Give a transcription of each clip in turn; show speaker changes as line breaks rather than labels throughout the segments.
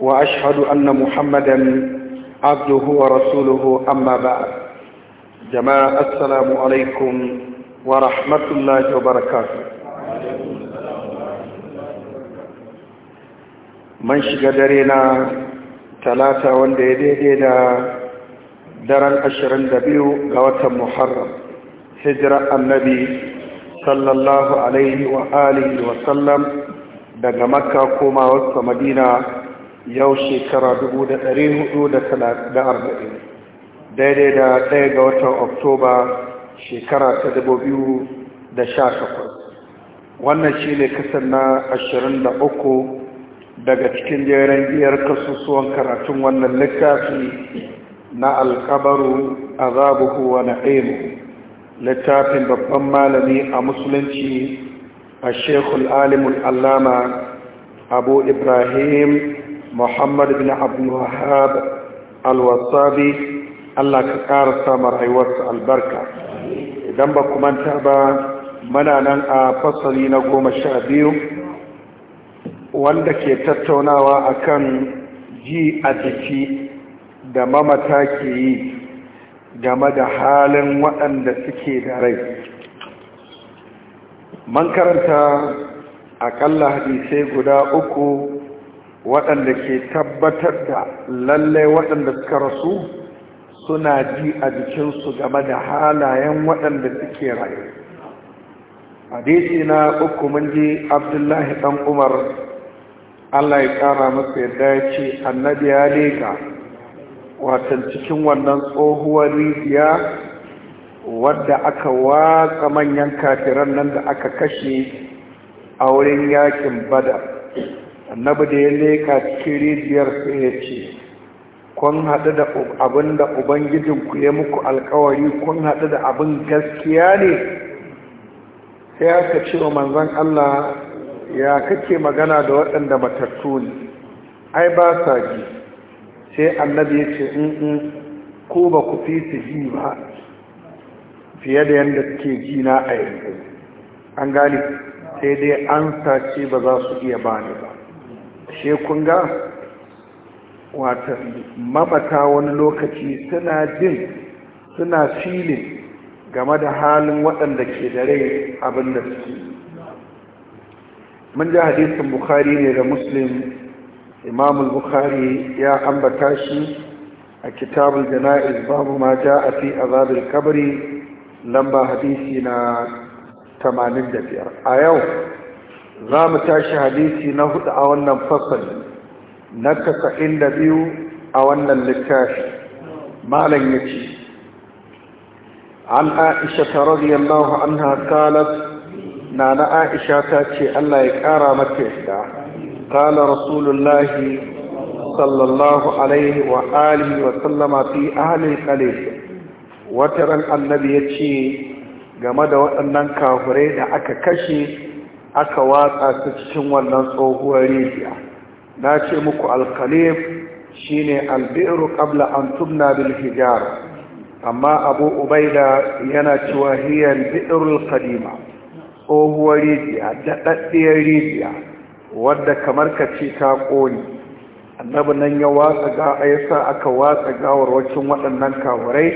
وأشهد أن محمدا عبده ورسوله أما بعد جماعة السلام عليكم ورحمة الله وبركاته من شقدرنا ثلاثة ونديدينا daren ashirin da biyu ga watan muharram hijira annabi sallallahu alaihi wa alihi daga makka koma wasu madina yau shekara arba'in, daidai da ɗaya ga watan oktoba shekara ta da sha wannan shi ne kasar na ashirin da daga cikin jeren biyar kasusuwan karatun wannan littafi na alkabaru azabuhu wa na'imu littafin babban malami a musulunci a shekul alimul allama abu ibrahim muhammad bin abdulwahab alwasabi allah ka ƙara samun rayuwarsa albarka idan ba manta ba mana nan a fasali na goma sha biyu wanda ke tattaunawa akan ji a jiki da mamata ke yi game da halin waɗanda suke da rai man karanta aƙalla hadisai guda uku waɗanda ke tabbatar da lallai waɗanda suka rasu suna ji a jikinsu game da halayen waɗanda suke rayu hadisi na uku mun ji abdullahi ɗan umar allah ya ƙara masa yadda ya ce annabi ya leka watan cikin wannan tsohuwar rijiya wadda aka watsa manyan kafiran nan da aka kashe a wurin yakin bada annabi da ya leka cikin rijiyar sai ya ce kun haɗu da abin da ubangijinku ya muku alkawari kun haɗu da abin gaskiya ne sai aka ce wa manzan Allah ya kake magana da waɗanda matattu ne ai ba sa ji sai annabi ya ce in ko ba ku fi su ji ba fiye da yadda suke ji na a yanzu an gani sai dai an sace ba za su iya bani ba shi kun ga wata mabata wani lokaci suna jin suna filin game da halin waɗanda ke da rai abin da suke mun ji hadisin bukhari ne da muslim imamul bukhari ya ambata shi a kitabul jana'iz babu ma a fi azabil kabari lamba hadisi na 85 a yau za mu tashi hadisi na hudu a wannan fasali na kasa'in da biyu a wannan littafi malam ya ce an aisha ta radiyallahu anha kalat na na aisha ta ce allah ya ƙara mata yadda kala rasulullahi sallallahu alaihi wa alihi wa sallama fi ahalin Wata ran annabi ya ce game da waɗannan kafurai da aka kashe aka watsa ta cikin wannan tsohuwar rijiya na ce muku alkalif shine albiru qabla an tubna bil hijar amma abu ubaida yana cewa hiya albirul qadima tsohuwar rijiya daɗaɗɗiyar rijiya wadda kamar ka ce ta ƙoni annabi nan ya watsa ga ya sa aka watsa gawar gawarwacin waɗannan kawurai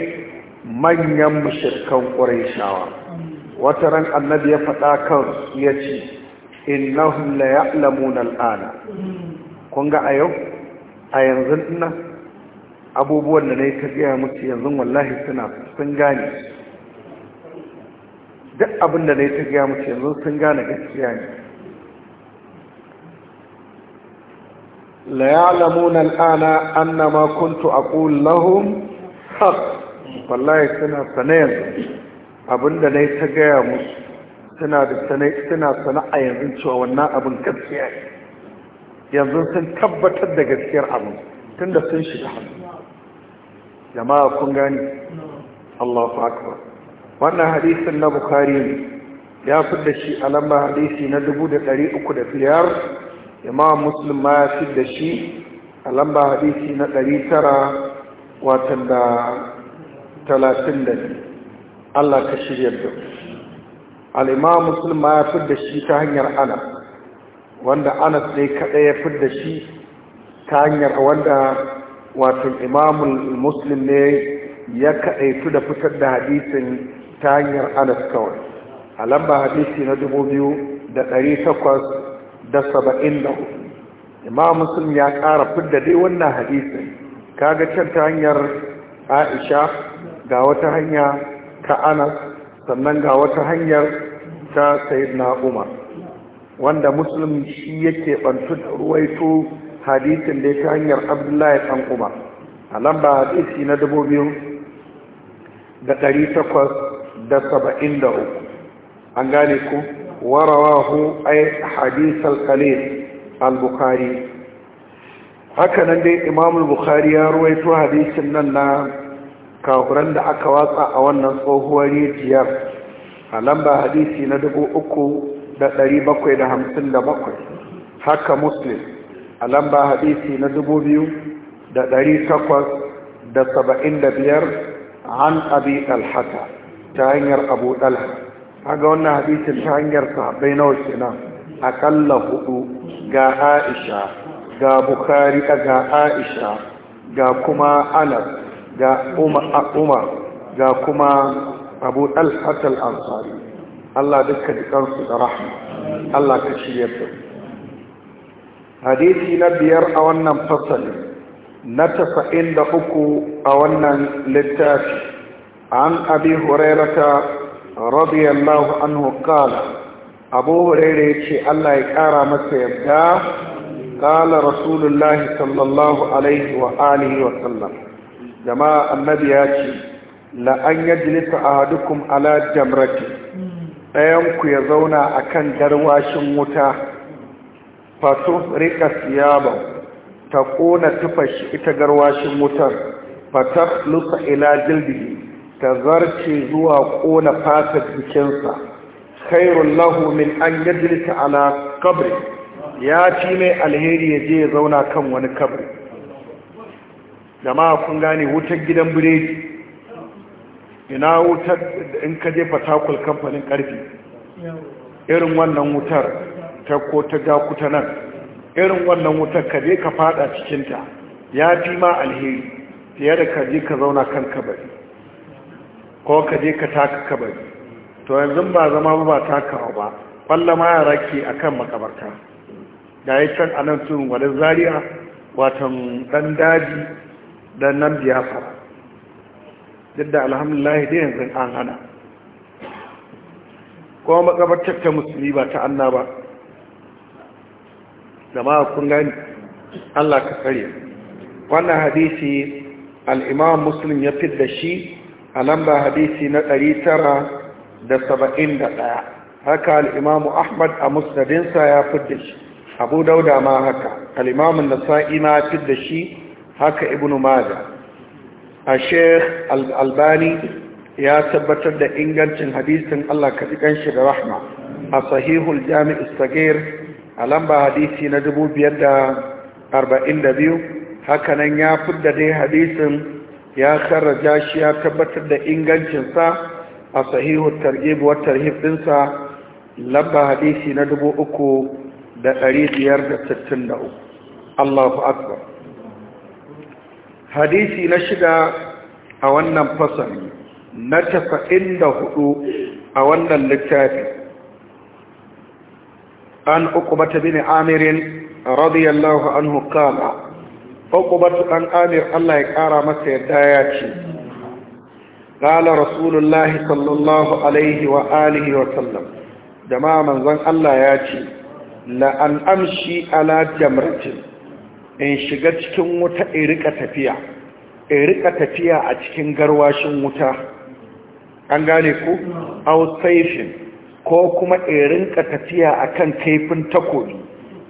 manyan mushirkan ƙwarai wata ran annabi ya faɗa kan ya ce innahum la ya'lamuna al'ana kun ga a yau a yanzu ina abubuwan da na yi ta gaya musu yanzu wallahi suna sun gane duk abin da na yi ta gaya musu yanzu sun gane gaskiya ne la ya'lamuna al'ana annama kuntu aqul lahum haqq wallahi suna sane yanzu abinda na yi ta gaya musu suna da suna sana'a yanzu cewa wannan abin gaskiya yanzu sun tabbatar da gaskiyar abin tun da sun shiga hannu jama'a kun gani allahu akbar wannan hadisin na bukari ne ya fi da shi a lamba hadisi na dubu da dari uku da biyar imam muslim ma ya fi da shi a lamba hadisi na dari tara watan da talatin da biyu Allah ka shirya da alima musulma ma ya fidda shi ta hanyar ana wanda anas ne kaɗai ya fidda shi
ta hanyar wanda wato imamul muslim ne ya kaɗaitu da fitar da
hadisin ta hanyar anas kawai a lamba hadisi na dubu biyu da ɗari takwas da saba'in da hudu imam muslim ya ƙara fidda dai wannan hadisin kaga can ta hanyar aisha ga wata hanya ta anas sannan ga wata hanyar ta na umar wanda muslim shi yake bantu da ruwaito hadisin da ta hanyar abdullahi ɗan umar a lamba hadisi na dubu biyu da ɗari takwas da saba'in da uku an gane ku warawahu ai hadis al-khalil al-bukhari haka dai imamul bukhari ya ruwaito hadisin nan na kafuran da aka watsa a wannan tsohuwar rijiyar a lamba hadisi na 3,757 haka muslim a lamba hadisi na 2,875 an abi alhata ta hanyar abu dalha haga wannan hadisin ta hanyar sahabbai wasu na akalla hudu ga aisha ga bukari ga aisha ga kuma anas ga umar ga kuma abu ɗalhatar ansari Allah duka dukansu da rahama Allah ka shirya da hadisi na biyar a wannan fasali na tasa'in da uku a wannan littafi an abi hurairata radiyallahu anhu kala abu hurairu ce Allah ya ƙara masa yadda قال rasulullahi sallallahu alaihi wa عليه وآله وسلم jama'a annabi ya ce la an yajlisa ahadukum ala jamrati ɗayan ku ya zauna akan garwashin wuta fatu rika siyaba ta kona tufashi ita garwashin wutar fatar lusa ila jildi ta zarce zuwa ƙona fata jikinsa khairun lahu min an yajlisa ala kabri ya ci mai alheri ya je ya zauna kan wani kabri jama'a kun gane wutar gidan biredi ina wutar in ka je fatakul kamfanin karfi irin wannan wutar ta ko ta dakuta nan irin wannan wutar ka je ka fada cikinta ya fi ma alheri fiye da ka je ka zauna kan kabari ko ka je ka taka kabari to yanzu ba zama ba ba takawa ba kwallo ma yara ke a kan makabarta da ya can anan tun wadda zariya watan dan daji Dan nan biyafa. duk da alhamdulahi dai yanzu an hana kuma makabartar ta musulmi ba ta anna ba jama'a kun gani allah ka tsare wannan hadisi al'imam muslim ya da shi a lamba hadisi na ɗari tara da da ɗaya. haka al'imamu ahmad a musnadinsa ya da shi abu dauda ma haka al'imamun nasa'i ma da shi haka ibn maja a sheikh albani ya tabbatar da ingancin hadisin Allah ka ji shi da rahma a sahihul jami'is sagir a lamba hadisi na 542 hakanan ya fidda dai hadisin ya sarraja shi ya tabbatar da ingancinsa a sahihul targhib wa tarhib dinsa lamba hadisi na 3563 Allahu akbar hadisi na shida a wannan fasali na tafa'in da hudu a wannan littafi an ukubata bin amirin radiyallahu anhu kama ukubatu an amir Allah ya kara masa yadda ya ce qala rasulullahi sallallahu alaihi wa alihi wa sallam jama'a manzon Allah ya ce la an amshi ala jamratin in shiga cikin wuta in rika tafiya in rika tafiya a cikin garwashin wuta an gane ku outstation ko kuma in rinka tafiya akan kaifin takobi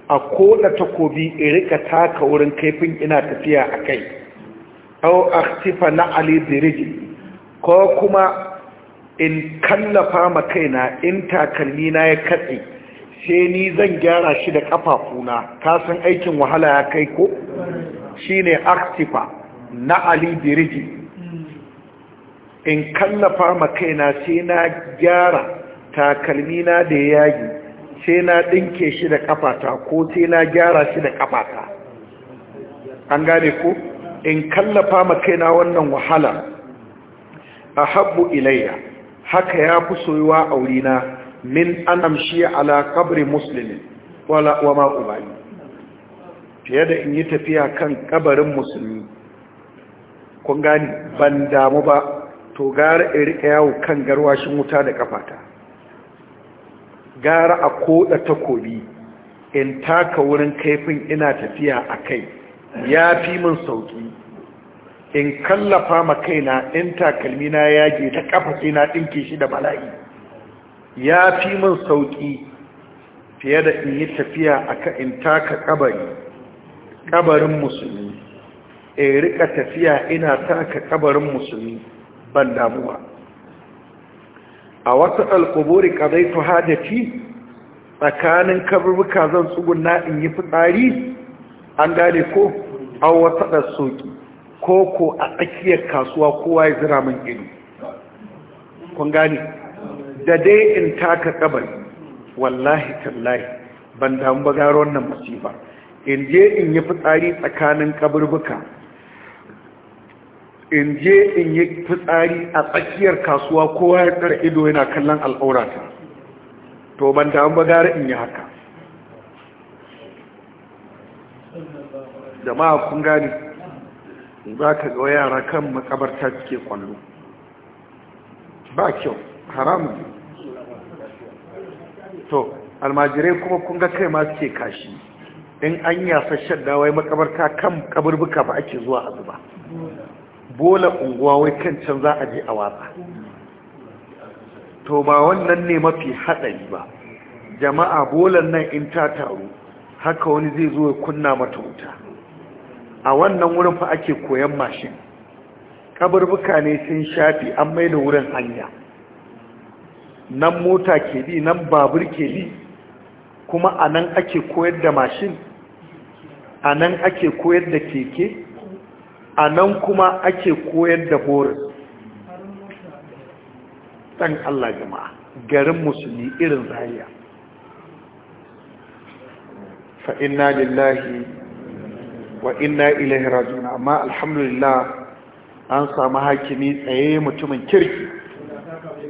a koda takobi in rika taka wurin kaifin ina tafiya a kai au aktifa na ali diriji ko kuma in kallafa ma kaina in takalmi na ya katse sai ni zan gyara shi da kafafuna kasan aikin wahala ya kai ko Shi ne aktifa na ali biriji in kallafa makaina kaina sai na gyara takalmina da yagi sai na dinke shi da kafata ko sai na gyara shi da kafata an gane ko in kallafa ma kaina wannan wahala A ahabbu ilayya haka ya fi soyuwa aurina min an amshi ala kabri muslimin wala wa ma fiye da in yi tafiya kan kabarin musulmi kun gani ban damu ba to gara in yawo kan garwashin wuta da kafata gara a koda takobi in taka wurin kaifin ina tafiya a kai ya fi min sauki in kallafa ma kaina in takalmina yage ta kafa sai na dinke shi da bala'i ya fi min sauƙi fiye da in yi tafiya a ka'in taka kabari ƙabarin musulmi in rika tafiya ina taka kabarin musulmi ban damuwa a wasu alkuburi ta hajjati tsakanin kabarbuka zan tsugunna in yi fitsari an gane ko a wata ɗar ko ko a tsakiyar kasuwa kowa ya zira min ido kun gane da dai in taka kabari wallahi tallahi ban damu ba garo wannan masifa in je in yi fitsari tsakanin kaburbuka in je in yi fitsari a tsakiyar kasuwa kowa ya tsara ido yana kallon al'aurata to ban damu ba gara in yi haka
jama'a kun gani
za ka ga yara kan makabarta suke kwallo ba kyau haramu ne to almajirai kuma kun ga kai ma suke kashi in an yasa shadda wai makabarta kan kaburbuka ba ake zuwa a zuba bola unguwa wai kan can za a je a watsa to ba wannan ne mafi haɗari ba jama'a bolan nan in ta taru haka wani zai zo ya kunna mata wuta a wannan wurin fa ake koyan mashin kaburbuka ne sun shafi an maida wurin hanya nan mota ke bi nan babur ke bi kuma a nan ake koyar da mashin a nan ake koyar da keke a nan kuma ake koyar da boris ɗan allah jama'a garin musulmi irin zariya fa'ina lillahi wa inna ilaihi rajuna amma alhamdulillah an samu hakimi tsaye mutumin kirki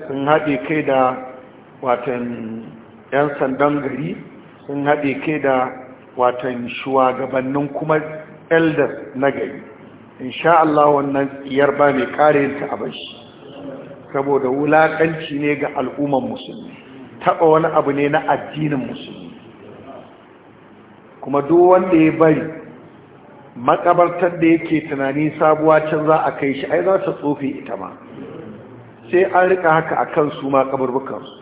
sun haɗe kai da watan 'yan sandan gari sun haɗe kai da watan shugabannin kuma elders na
gari insha Allah wannan tsiyar ba mai ƙarinta a bashi saboda wulaƙanci ne ga al'umman musulmi taɓa wani abu ne na addinin musulmi kuma duk wanda ya bari makabartar da yake tunani sabuwa can za a kai shi ai za ta tsofe ita ma sai an rika haka a kan su ma kaburbukansu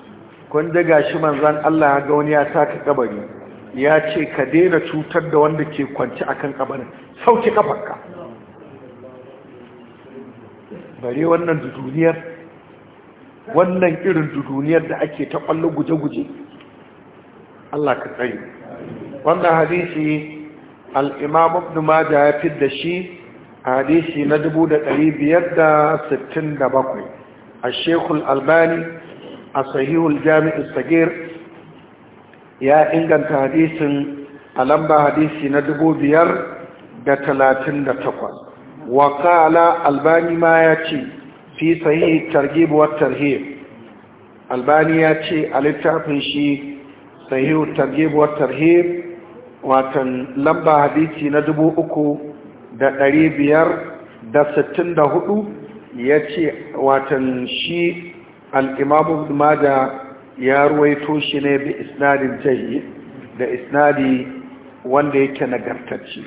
kun daga shi manzan Allah ya ga wani ya taka kabari ya ce ka daina cutar da wanda ke kwanci a kan kabarin sauke kafarka bare wannan duduniyar wannan irin duduniyar da ake ta kwallo guje-guje Allah ka tsaye wannan hadisi al'imam ibn maja ya fi da shi a hadisi na 567 الشيخ الألباني الصحيح الجامع الصغير يا إنجان حديث ألمبا حديث ندبو بيار دتلاتين دتقوى وقال ألباني ما يأتي في صحيح الترغيب والترهيب ألباني يأتي ألتعفن شي صحيح الترغيب والترهيب watan lamba hadisi na dubu uku da ɗari biyar da sittin da hudu ya ce watan shi al'imamu da ya ruwaito shi ne bi isnadin jayi da isnadi wanda yake nagartacci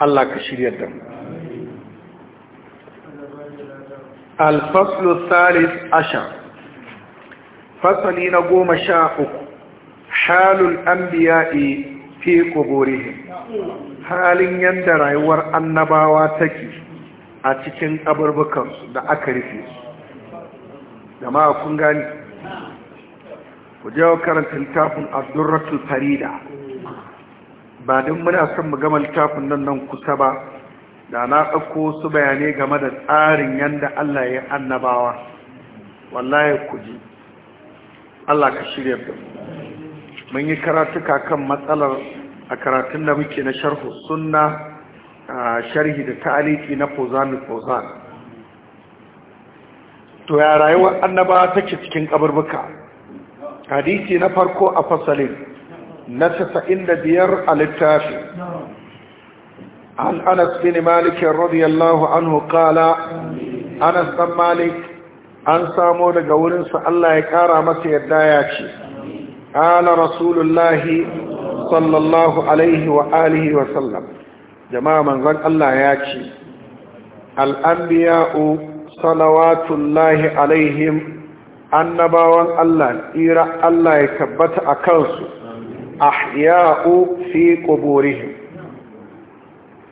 Allah ka shirya da mu salis fasali na goma sha uku halul anbiya'i fi quburihim halin yadda rayuwar annabawa take a cikin ƙabarbukan da aka rufe da ma kun gani ku je karanta littafin abdurratul farida ba don muna son mu gama littafin nan nan kusa ba da na ɗauko su bayanai game da tsarin yadda Allah ya annabawa wallahi ku ji Allah ka shirya da mun yi karatuka kan matsalar a karatun da muke na sharhu sunna A sharhi da ta'aliki na fozan fozan to ya rayuwar annaba ke cikin kaburbuka hadisi na farko a fasalin na 95 a littafi an anas bin malik radiyallahu anhu qala anas bin malik an samo daga wurinsa Allah ya kara masa yadda ya ce ala rasulullahi sallallahu alaihi wa alihi wa sallam jama'a manzon Allah ya ce al'ambiya'u salawatullahi alaihim annabawan Allah tsira Allah ya tabbata a kansu ahya'u fi quburihim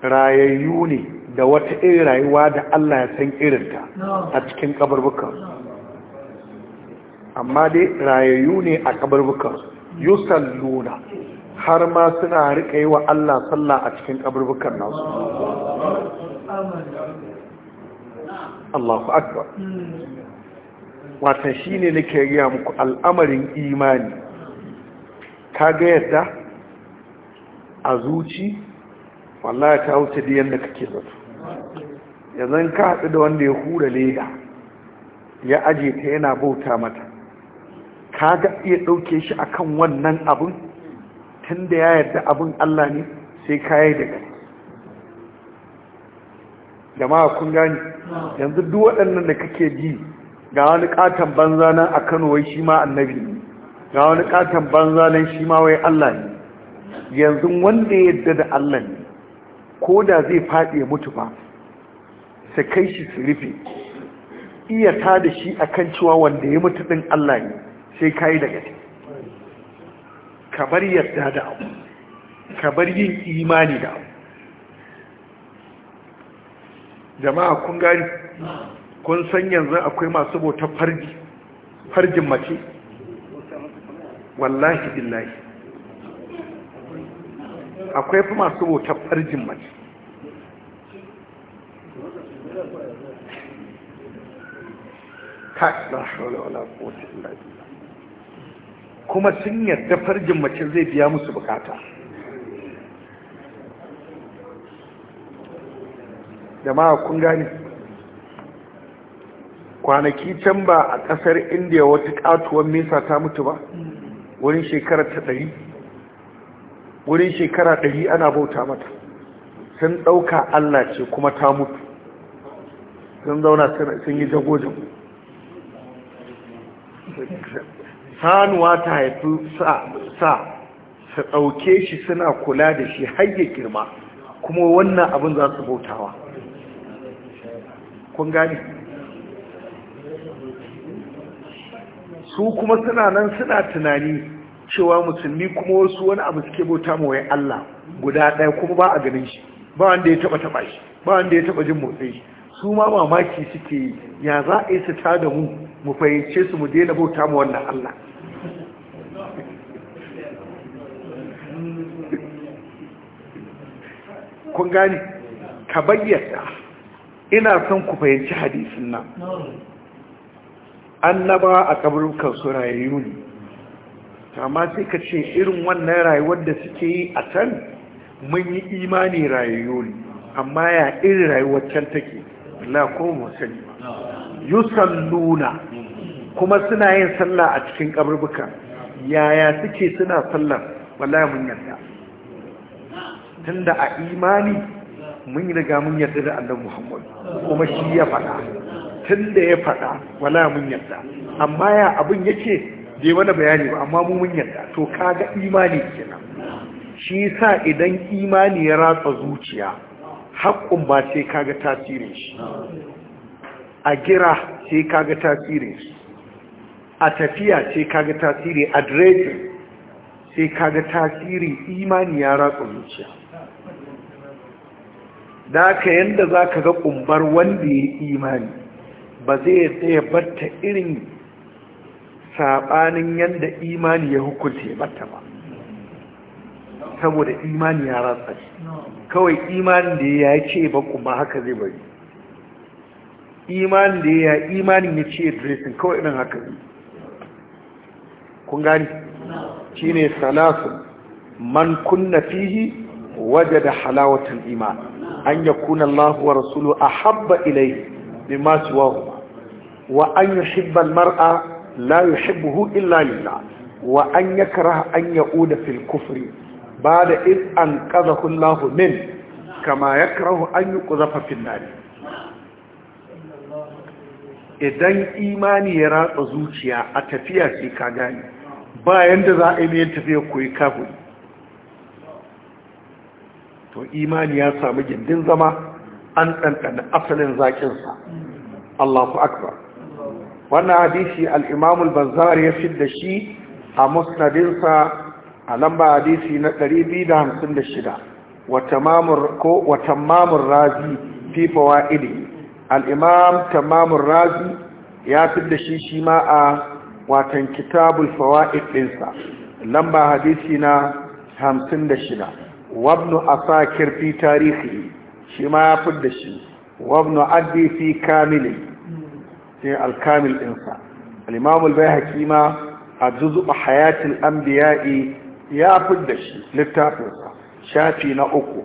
rayayyu ne da wata irin rayuwa da Allah ya san irinta a cikin kabarbukan amma dai rayayyu ne a ƙabarbukan yusalluna har ma suna rika yi wa Allah sallah a cikin kaburbukan nasu Allahu akbar wata shine nake riya muku al'amarin imani ka ga yadda a zuci wallahi ta wuce da yadda kake zato yanzu ka haɗu da wanda ya hura leda ya aje ta yana bauta mata ka ga iya ɗauke shi akan wannan abin tun da ya yarda abin Allah ne sai kayi da gani jama'a kun gani yanzu duk waɗannan da kake ji ga wani katon banza nan a Kano wai shi ma annabi ne ga wani katon banza nan shi ma wai Allah ne yanzu wanda ya yarda da Allah ne ko da zai faɗi ya mutu ba su kai shi su rufe iya ta da shi kan cewa wanda ya mutu ɗin Allah ne sai kayi da gaske kamar yadda da abu kamar yin imani da abu jama'a kun gari, kun san yanzu akwai masu bautar farji farjin mace wallahi billahi akwai fi masu bautar farjin mace ta ɗan shawarar wala ko ta kuma sun yadda farjin mace zai biya musu bukata ma kun gane kwanaki can ba a kasar indiya wata katuwar mesa ta mutu ba wurin shekara ta ɗari wurin shekara ɗari ana bauta mata sun ɗauka allah ce kuma ta mutu sun zauna sun yi jagojin. sanuwa ta haifi sa su ɗauke shi suna kula da shi hayyar girma kuma wannan abin za su bautawa kun gani su kuma suna nan suna tunani cewa musulmi kuma wasu wani abu suke bauta mawai Allah guda ɗaya kuma ba a ganin shi ba wanda ya taɓa taɓa shi ba wanda ya taɓa jin motsi shi su ma mamaki suke ya za a yi su ta da mu mu fahimce su mu daina bauta ma wannan Allah kun gani ka bayyana ina son ku fahimci hadisin nan annaba a kaburukan su rayu ne amma sai ka ce irin wannan rayuwar da suke yi a can mun yi imani rayayyu ne amma ya irin rayuwar can take la ko musali yusalluna kuma suna yin sallah a cikin kaburbuka yaya suke suna sallar wallahi mun yarda tunda a imani mun riga mun yarda da annabi Muhammad kuma shi ya faɗa tunda ya faɗa wala mun yarda amma ya abin yake je wani bayani ba amma mu mun yarda to kaga imani kenan shi sa idan imani ya ratsa zuciya haƙƙun ba sai kaga tasirin shi a gira sai kaga tasirin shi a tafiya sai kaga tasiri a dressing sai kaga tasiri imani ya ratsa zuciya da haka yadda za ka ga ƙumbar wanda ya imani ba zai tsaye batta irin saɓanin yadda imani ya hukunta ya batta ba saboda imani ya ratsa kawai imanin da ya ce ba ƙumba haka zai bari imanin da ya imanin ya ce dressing kawai irin haka zai kun gani shi ne salasun man kunna fihi waje da halawatan imani an yakuna Allah wa rasuluhu ahabba ilayhi masu wahuma. wa an yuhibba al-mar'a la yuhibbuhu illa lillah wa an ya kara an yauda Ba da ba'da an anqadhahu Allah min kama ya yakrahu an yuqdhafa fil nar idan imani ya ratsa zuciya a tafiya sai ka gane Ba yadda za a yi tafiya koyi kafiri to imani ya samu gindin zama an ɗanɗana asalin zaƙinsa Allahu akbar wannan hadisi al'imamul banzar ya fi ya da shi a musnadinsa a lamba hadisi na 256 wa tamamur ko wa razi fi fawaidi al-imam razi ya da shi shi ma a watan kitabul fawaid ɗinsa lamba hadisi na 56 wabnu sa kirfi tarihi shi ma ya fidda shi wabnu addi fi kamili shi alkamil ɗinsa al'imamul bai hakima a juzuba hayatin ambiya'i ya dashi shi littafinsa shafi na uku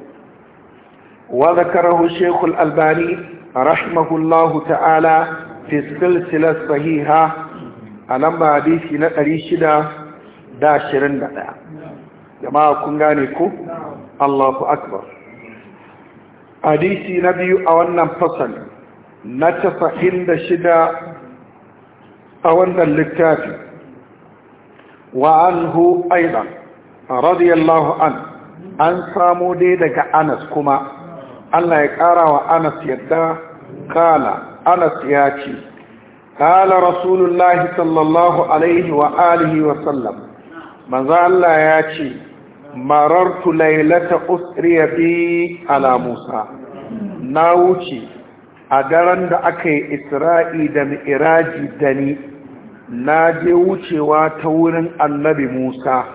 wa zakarahu shekul albani rahimahullahu ta'ala fi silsilar sahiha a lamba hadisi na 621 jama'a kun gane ku? Allahu akbar hadisi na biyu a wannan fasal na tasa'in da shida a wannan littafi wa anhu aidan radiyallahu an an samu dai daga anas kuma Allah ya ƙara wa anas yadda kala anas ya ce kala rasulullahi sallallahu alaihi wa alihi wa sallam manzo Allah ya ce marartu lailata usriya bi ala musa na wuce a daren da aka yi isra'i da mi'iraji da ni na je wucewa ta wurin annabi musa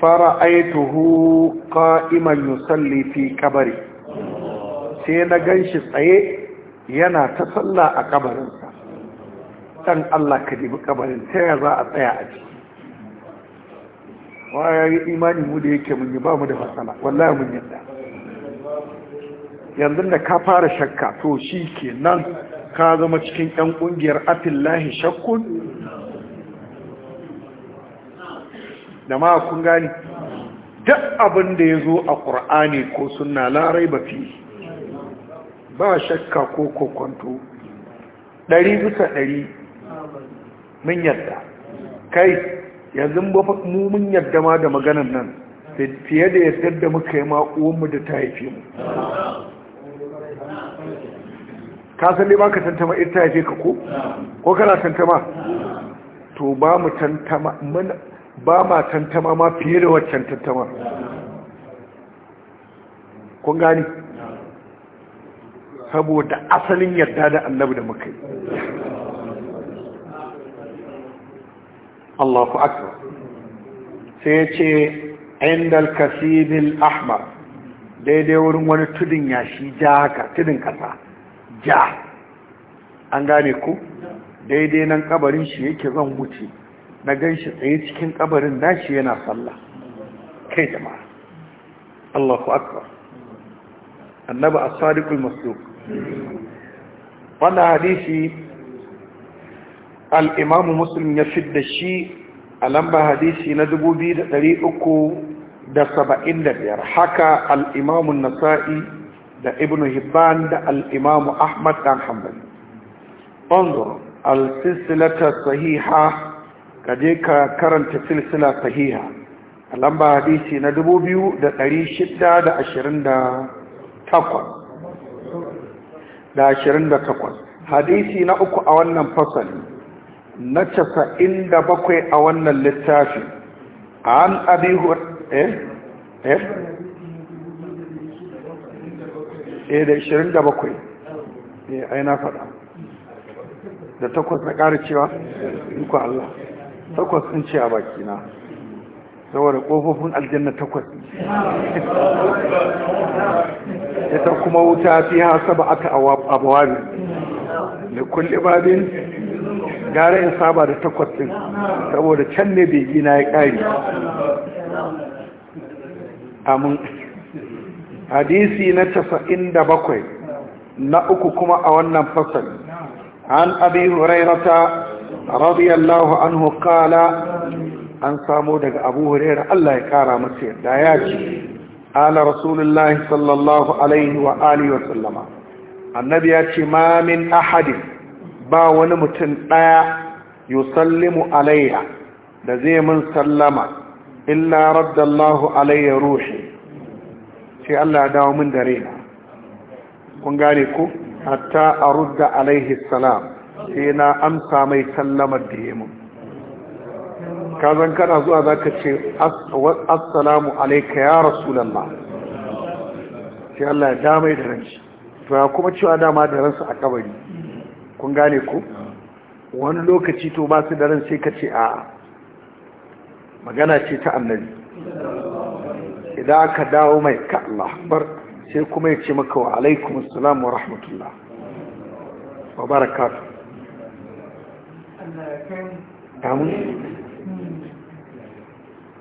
fara aituhu ka'iman yusalli fi kabari sai na gan shi tsaye yana ta sallah a kabarinsa ɗan allah ka dibi kabarin ta ya za a tsaya a ciki ma ya yi imani mu da yake mun yi ba mu da matsala wallahi mun yadda
yanzu da ka fara shakka
to shi ke nan ka zama cikin 'yan ƙungiyar atillahi shakkun da ma kun gani duk abin da ya zo a ƙur'ani ko suna larai ba fi ba shakka ko kokonto ɗari bisa ɗari mun yadda kai yanzu mu mun yarda ma da maganan nan fiye da yadda da muka yi ma uwanmu da ta haife mu ka san dai ba ka tantama ita ta haife ka ko ko kana tantama to ba mu tantama ba ma tantama ma fiye da waccan tantama kun gani saboda asalin yarda da annabi da muka yi Allahu akbar sai ce indal kasibil ahmar daidai wani tudun yashi ja haka tudun kasa ja an gane ku daidai nan kabarin shi yake zan wuce na gan shi tsaye cikin kabarin nashi yana sallah kai jama'a Allahu akbar annaba as-sadiqul masduq wannan hadisi al'imamu muslim ya fidda shi a lamba hadisi na 2375 haka al'imamu nasa'i da ibn hibban da al'imamu ahmad dan hanbali onzor al-silsilata sahiha ka je ka karanta silsila sahiha a lamba hadisi na 2628 da 28 hadisi na uku a wannan fasali na casa'in da bakwai a wannan littafi an abi eh eh eh da ishirin da bakwai eh ai na faɗa da takwas na ƙara cewa ikon Allah takwas sun ce a baki na. saboda ƙofofin aljanna takwas ita kuma wuta fi hasa ba aka abuwa da kulle babin gara in saba da takwas ɗin saboda can ne begi na ya ƙari amin hadisi na casa'in da bakwai na uku kuma a wannan fasali an abi hurairata radiyallahu anhu kala an samu daga abu huraira Allah ya kara masu yadda ya ce ala rasulullahi sallallahu alaihi wa alihi wa sallama annabi ya ce ma min ahadin ba wani mutum ɗaya yusallimu alayya da zai min sallama illa raddallahu alayya ruhi sai Allah ya dawo min dare na. kun gane ku hatta a rudda alaihi salam sai na amsa mai sallamar da ya mun ka zan kana zuwa za ka ce assalamu Alayka ya rasulallah sai Allah ya damai da ranci to ya kuma cewa dama da ransa a kabari kun gane ku wani lokaci to ba su da sai ka ce a magana ce ta annabi idan ka dawo mai ka Allah bar sai kuma ya ce maka wa alaikum assalam wa rahmatullah wa barakatu amin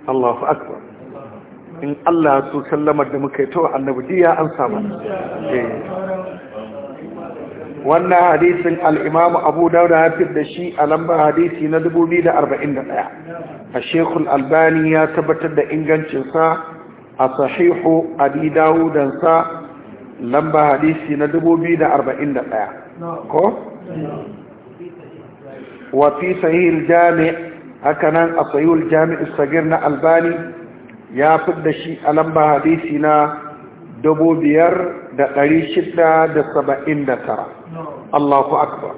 Allahu akbar in Allah so sallamar da muka yi to annabi ya amsa ba. eh wannan hadisin al'imamu abu dauda hafiz da shi a lambar hadisi na 2041 a shekul albani ya tabbatar da ingancinsa a sahihu abi dawudansa lambar hadisi na 2041 ko? wafi sahihul jami hakanan a sahihul jami'ul sagir na albani ya fi da shi a lambar hadisi na 5679 Allahu akbar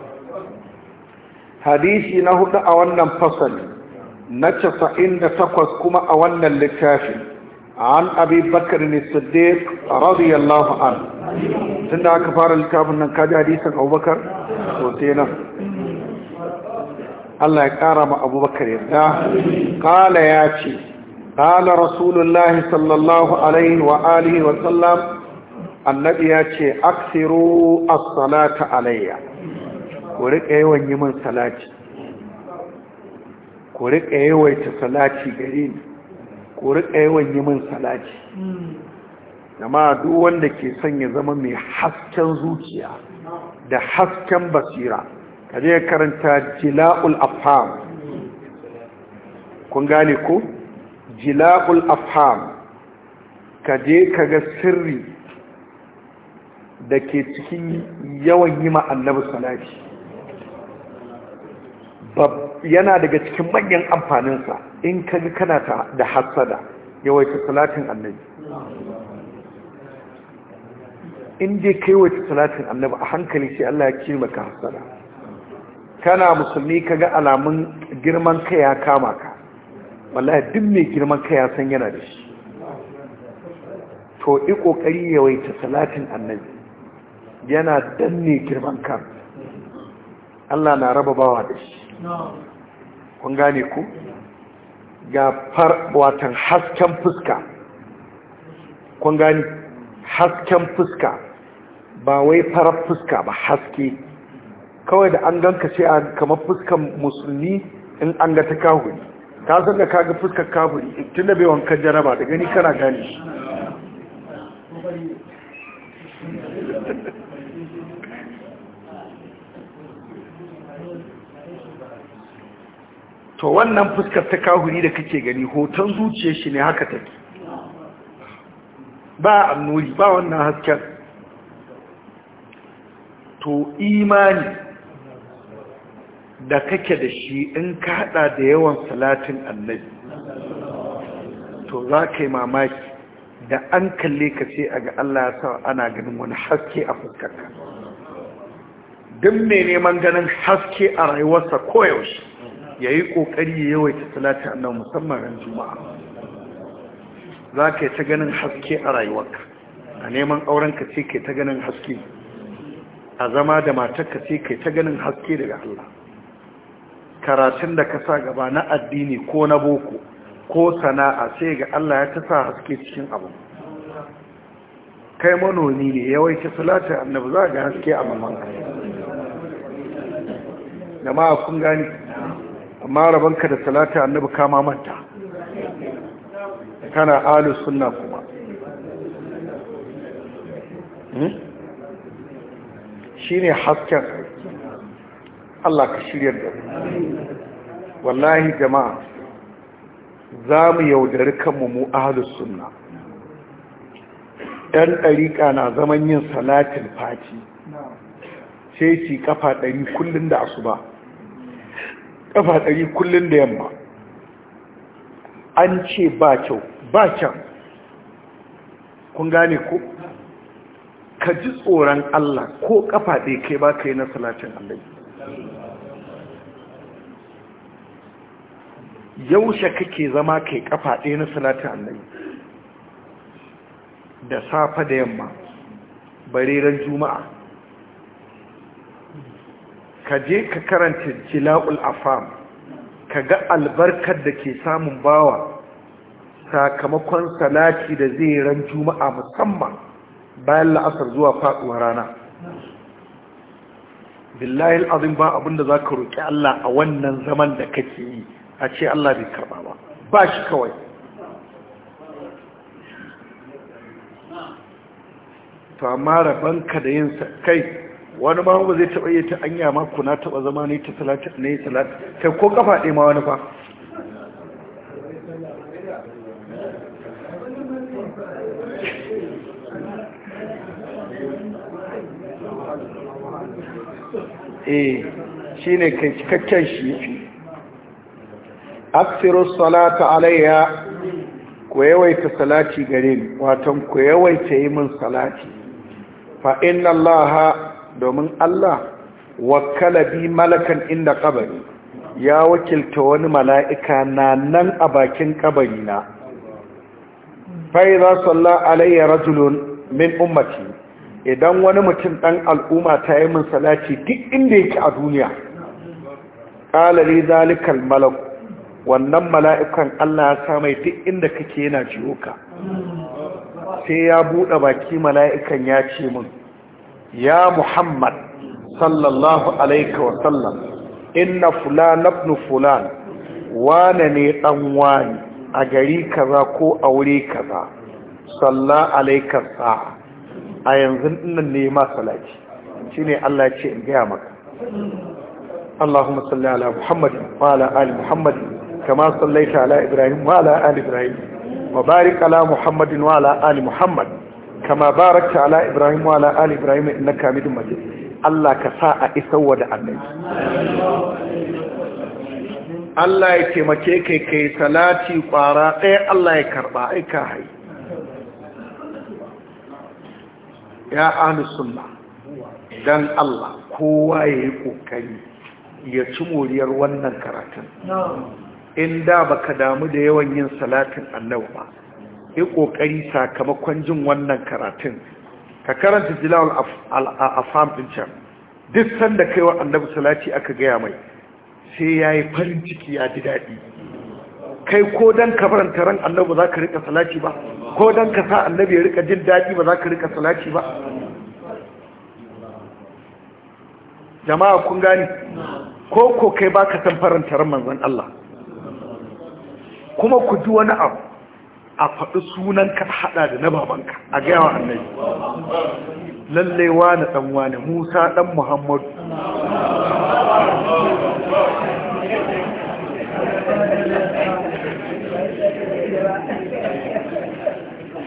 hadisi na hudu a wannan fasali na casa'in da takwas kuma a wannan littafi an abi bakar ne siddiq radiyallahu an tun da aka fara littafin nan kaji hadisan abubakar sosai nan Allah ya kara ma abubakar yadda kala ya ce kala rasulullahi sallallahu alaihi wa alihi wa sallam annabi ya ce aksiru as-salata alayya ku rika yawan yi min salati ku rika yawaita salati gare ni ku rika yawan yi min salati amma duk wanda ke son ya zama mai hasken zuciya da hasken basira kaje ya karanta jila'ul afham kun gane ko jila'ul afham kaje kaga sirri da ke cikin yawan yi ma salati yana daga cikin manyan amfaninsa in ka ji kana da hassada yawaita salatin annabi in dai ka yawaita salatin annabi a hankali sai Allah ya ce maka hassada kana musulmi ka ga alamun girman kai ya kama ka wallahi duk mai girman kai ya san yana da shi to i kokari yawaita salatin annabi yana danne girman kan Allah na raba bawa da shi kun gane ku ga far watan hasken fuska kun gani hasken fuska ba wai farar fuska ba haske kawai da an ganka sai a kamar fuskan musulmi in an ga ta kahuri Ta san kaga fuskar kahuri da bai wanka jaraba da gani kana gane shi to wannan fuskar ta kahuri da kake gani hoton zuciya shi ne haka take ba annuri ba wannan hasken to imani da kake da shi in ka hada da yawan salatin annabi to za ka yi mamaki da an kalle ka ce a ga Allah ya sa ana ganin wani haske a fuskarka duk mai neman ganin haske a rayuwarsa koyaushe ya yi ƙoƙari ya yawaita talatin annan musamman ran juma'a za ka yi ta ganin haske a rayuwarka a neman aurenka ce ka ta ganin haske a zama da matarka ce ka ta ganin haske daga Allah karatun da ka sa gaba na addini ko na boko ko sana'a sai ga Allah ya ta sa haske cikin abu kai manoni ne yawaita salata annan za ga haske a mamman kun gani amma ka da talata annabi kama manta kana alu sunna kuma hmm? shine hasken Allah ka shirya da wallahi jama'a za mu yaudari kanmu mu alu sunna ɗan ɗariƙa na zaman yin salatin fati sai ci kafa ɗari kullum da asuba kafa ɗari kullum da yamma an ce ba kyau ba can kun gane ko ka ji tsoron Allah ko kafa ɗaya kai ba ka yi na salatin Allah yaushe kake zama kai kafa ɗaya na salatin Allah da safa da yamma bareran juma'a ka je ka karanta jila'ul afam ka ga albarkar da ke samun bawa sakamakon salati da zai ran juma'a musamman bayan la'asar zuwa faɗuwa rana billahi al'azim ba da za ka roƙi Allah a wannan zaman da kake yi a ce Allah bai karɓa ba ba shi kawai to amma rabanka da yin kai wani ma ba zai taɓa yi ta anya ma kuna taɓa zama ne ta salata ne salata kai ko kafa ɗaya ma wani fa eh shi ne kai cikakken shi fi aksiru salata alayya ku yawaita salati gare ni watan ku yawaita yi min salati fa inna allaha domin Allah wakala bi malakan inda kabari ya wakilta wani mala'ika na nan a bakin kabari na fa'iza salla alayya rajulun min ummati idan wani mutum ɗan al'umma ta yi min salati duk inda yake a duniya ƙalari zalikal malaku wannan mala'ikan Allah ya samai duk inda kake yana jiyo sai ya buɗe baki mala'ikan ya ce min ya muhammad sallallahu alaika wa sallam inna fulan ibn fulan wane ne dan wani a gari kaza ko a wuri kaza sallah alaika sa'a a yanzu nan ne ma salati shine Allah ce in gaya maka Allahumma salli ala Muhammad wa ala ali Muhammad kama sallaita ala Ibrahim wa ala ali Ibrahim wa barik ala Muhammad wa ala ali Muhammad kama barakta ala ibrahim wa ala ali ibrahim innaka hamidum majid Allah ka sa a wa da annabi Allah ya taimake kai kai salati kwara ɗaya Allah ya karba ai ka hai ya ahlu sunna dan Allah kowa ya yi kokari ya ci moriyar wannan karatun in da baka damu da yawan yin salatin annabi ba yi ƙoƙari sakamakon jin wannan karatun ka karanta jilawar afam ɗin can duk sanda kai wa annabi salati aka gaya mai sai ya yi farin ciki ya ji daɗi kai ko don ka faranta ran annabi za ka rika salati ba ko don ka sa annabi ya rika jin daɗi ba za ka rika salati ba jama'a kun gani ko ko kai ba ka san faranta ran manzon Allah kuma ku ji wani abu a faɗi sunanka a haɗa da na babanka a gaya wa annabi lallewa na ɗanwa ne musa ɗan muhammadu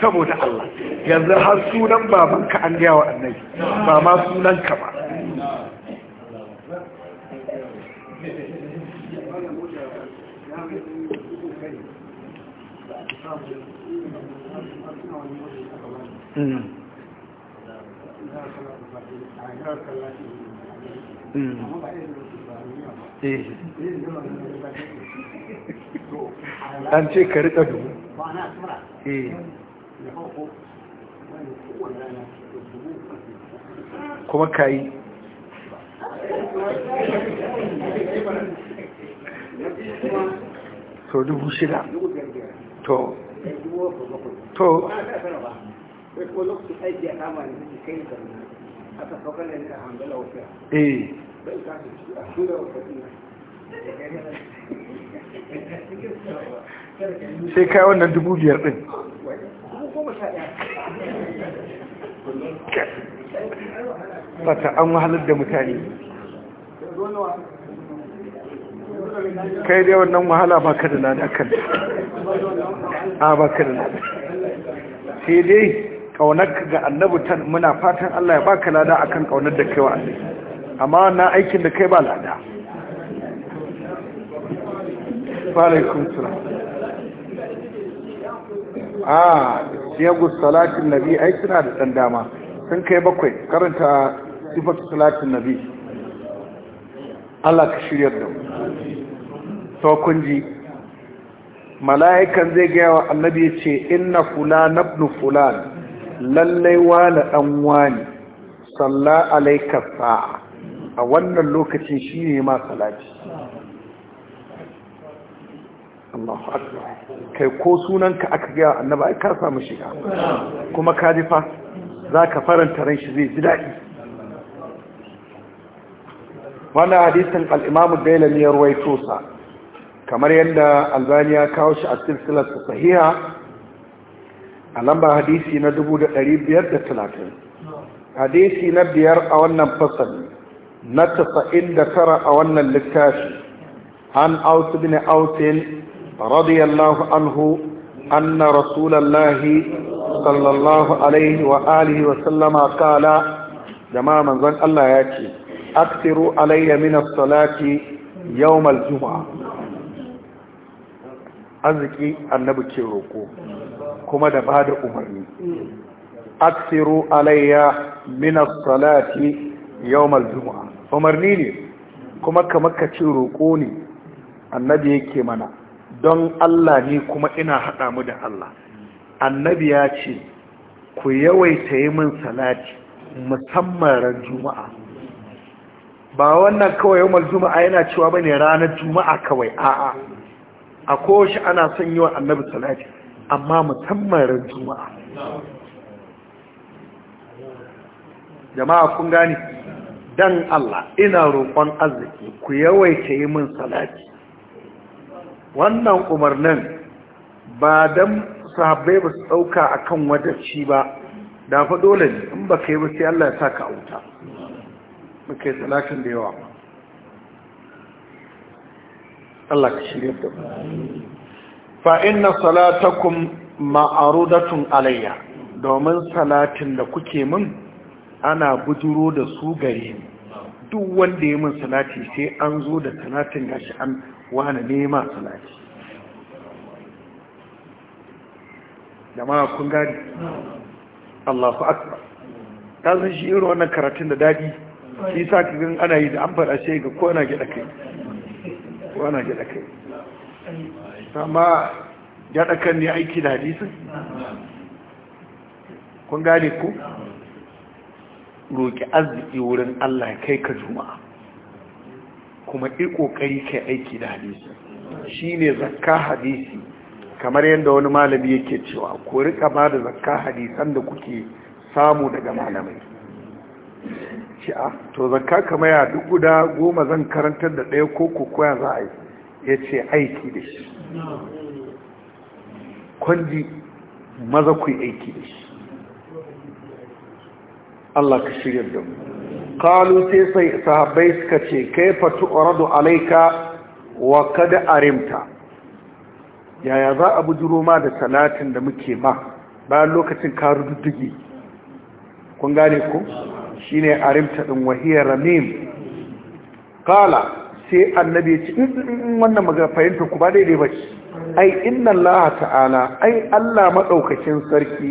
saboda Allah yanzu har sunan babanka an gaya
wa annabi ba ma sunanka ba
Mm. an ce ka rika dubu eh.
kuma ka yi to dubu shida to
to sai ko lokacin aiki kai a eh. shura wannan
dubu biyar din fata an wahalar da mutane kai dai wannan wahala ba ka da kan a ba ka da sai dai ƙaunar ga annabi tan muna fatan Allah ya baka lada akan ƙaunar da kai wa annabi amma wannan aikin da kai ba lada alaikum salam ah siyagu salatin nabi ai suna da dan dama sun kai bakwai karanta sifatu salatin nabi Allah ka shirya da mu to kun ji mala'ikan zai ga wa annabi yace inna fulan ibn fulan lallai wani ɗan wani salla alaika a wannan lokacin shi ne ma salati kai ko sunanka aka gaya annaba ai ka samu shiga kuma ka ji za ka faranta ran shi zai ji daɗi wani hadisin al-Imam ad ya ruwaito kamar yadda Albani ya kawo shi a silsilar sahiha a lamba hadisi na 530 hadisi na biyar a wannan fasali na 99 a wannan littafi an autu bin autin radiyallahu anhu anna rasulallahi sallallahu alaihi wa alihi wa sallama kala jama'a manzon Allah ya ce aktiru alayya min as-salati yawm al-jum'a arziki annabi ke roko kuma da ba da umarni aksiru alayya min salati yau al umarni ne kuma ka maka ce roƙo ne annabi yake mana don Allah ne kuma ina haɗa mu da Allah annabi ya ce ku yawaita yi min salati musamman ran juma'a ba wannan kawai yau juma'a yana cewa bane ranar juma'a kawai a'a a kowace ana son yi wa annabi salati amma musamman ran juma'a jama'a kun gani dan Allah ina roƙon arziki ku yawaita yi min salati wannan umarnin ba dan sahabbai ba su ɗauka akan wadarci ba da fa dole ne in ba kai ba sai Allah ya saka auta muke salatin da yawa Allah ka shirya da mu fa inna salatakum ma'arudatun alayya domin salatin da kuke min ana buduro da su gare ni duk wanda ya min salati sai an zo da salatin gashi an wani nema salati jama'a kun gani Allahu akbar ta zan shi irin wannan karatun da dadi shi sa ka gan ana yi da an fara shi ga ko ana gida kai ko ana gida kai amma ya ɗakan ne aiki da hadisun kun gane ku roƙi arziki wurin Allah kai ka juma'a kuma ƙoƙari kai aiki da hadisun shi ne zakka hadisi kamar yadda wani malami yake cewa ko rika ba da zakka hadisan da kuke samu daga malamai shi a ah, to zakka kama ya duk guda goma zan karantar da ɗaya ko koya za a yi ya ce aiki da shi kwanji maza ku aiki da shi Allah ka shirya da mu kalu sai sai sahabbai suka ce kai kaifa uradu alaika wa kad arimta yaya za a bujuro ma da salatin da muke ma bayan lokacin ka rududdugi kun gane ku shine arimta din wahiyar ramim qala sai annabi ya ce wannan magana fahimta ku ba daidai ba ce ai inna Allah ta'ala ai Allah madaukakin sarki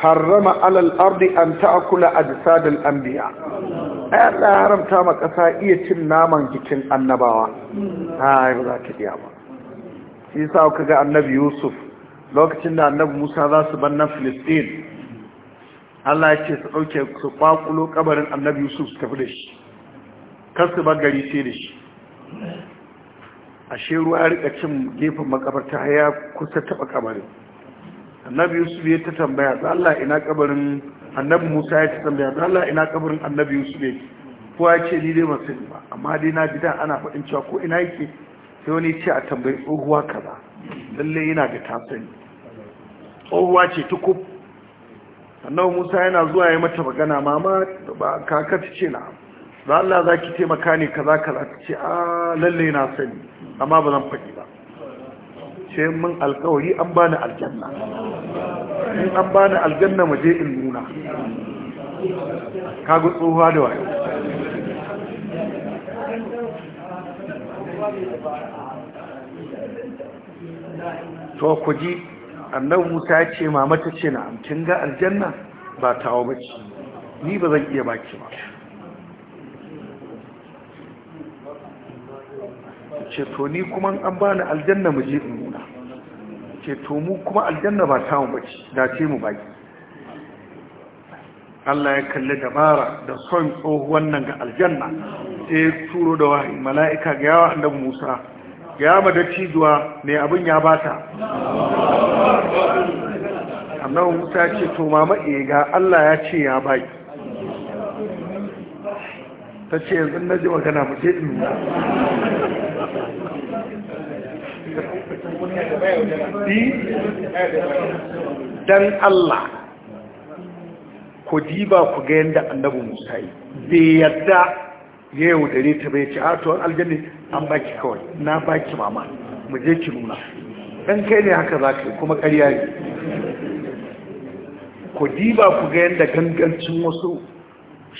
harrama alal ardi an a ajsad an anbiya ai Allah haramta ma ƙasa iya cin naman jikin annabawa ai ba za ta iya ba shi yasa ga annabi Yusuf lokacin da annabi Musa za su bar nan Filistin Allah ya ce su ɗauke su ƙwaƙulo kabarin annabi Yusuf su tafi da shi kar su bar gari sai da shi a ruwa ya rika cin gefen makabarta ya kusa taba kamarin annabi yusuf ya ta tambaya da Allah ina kabarin annabi musa ya ta tambaya da Allah ina kabarin annabi yusuf yake ya ce ni dai ban ba amma dai na ji da ana faɗin cewa ko ina yake sai wani ce a tambayi tsohuwa kaza lalle yana da ta tsohuwa ce tukub annabi musa yana zuwa ya mata magana mama ba kaka ta ce na'am da Allah za ki taimaka ne kaza kaza Ka ce a ah, lalle na sani amma ba zan faɗi ba ce mun alkawari an bani aljanna
in an bani aljanna
mu je in nuna ga tsohuwa da wayo to ku ji annabi Musa ya ce mamata ta ce na amcin ga aljanna ba tawo bace ni ba zan iya baki ba ce to ni kuma an bani aljanna mu je in nuna ce to mu kuma aljanna ba ta mu bace da ce mu baki Allah ya kalli dabara da son tsohu wannan ga aljanna sai ya turo da wahayi mala'ika ga yawa annabi Musa ga yawa da cijuwa ne abin ya bata annabi Musa ya ce to mama eh ga Allah ya ce ya baki ta ce yanzu na ji magana mu je in nuna dan Allah ku ba ku ga yadda annabi Musa yi bai yadda ya yau da ta bai ci a aljanni an baki kawai na baki mama mu je ki nuna dan kai ne haka za ka yi kuma ƙarya ne ku ba ku ga yadda gangancin wasu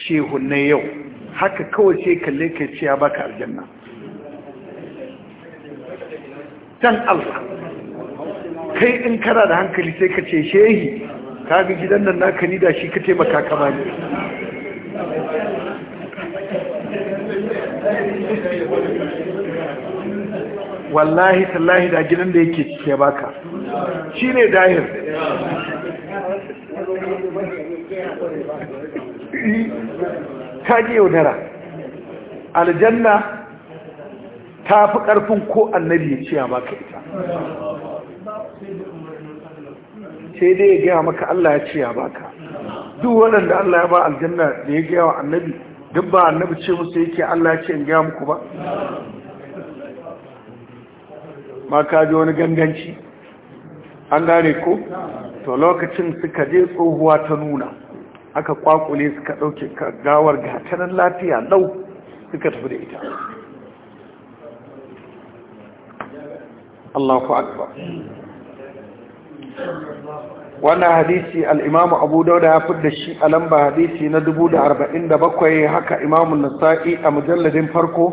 shehunai yau haka kawai sai kalle ka ce ya baka aljanna
dan Allah kai in kana da
hankali sai ka ce shehi ka ga gidan nan naka ni da shi ka taimaka kama ne wallahi tallahi da gidan da yake ke baka shi ne dahir ka ji yaudara aljanna ta fi ƙarfin ko annabi ya ciya maka ita sai dai ya gaya maka Allah ya ciya baka duk waɗanda Allah ya ba aljanna da ya gaya wa annabi duk ba annabi ce musu yake Allah ya ce in gaya muku ba ma ka ji wani ganganci an gane ko to lokacin suka je tsohuwa ta nuna aka kwakule suka ɗauke gawar gatanan lafiya lau suka tafi da ita Allahu akbar wannan hadisi al'imamu abu dauda ya fi da shi a lamba hadisi na dubu da da bakwai haka imamun nasa'i a mujalladin farko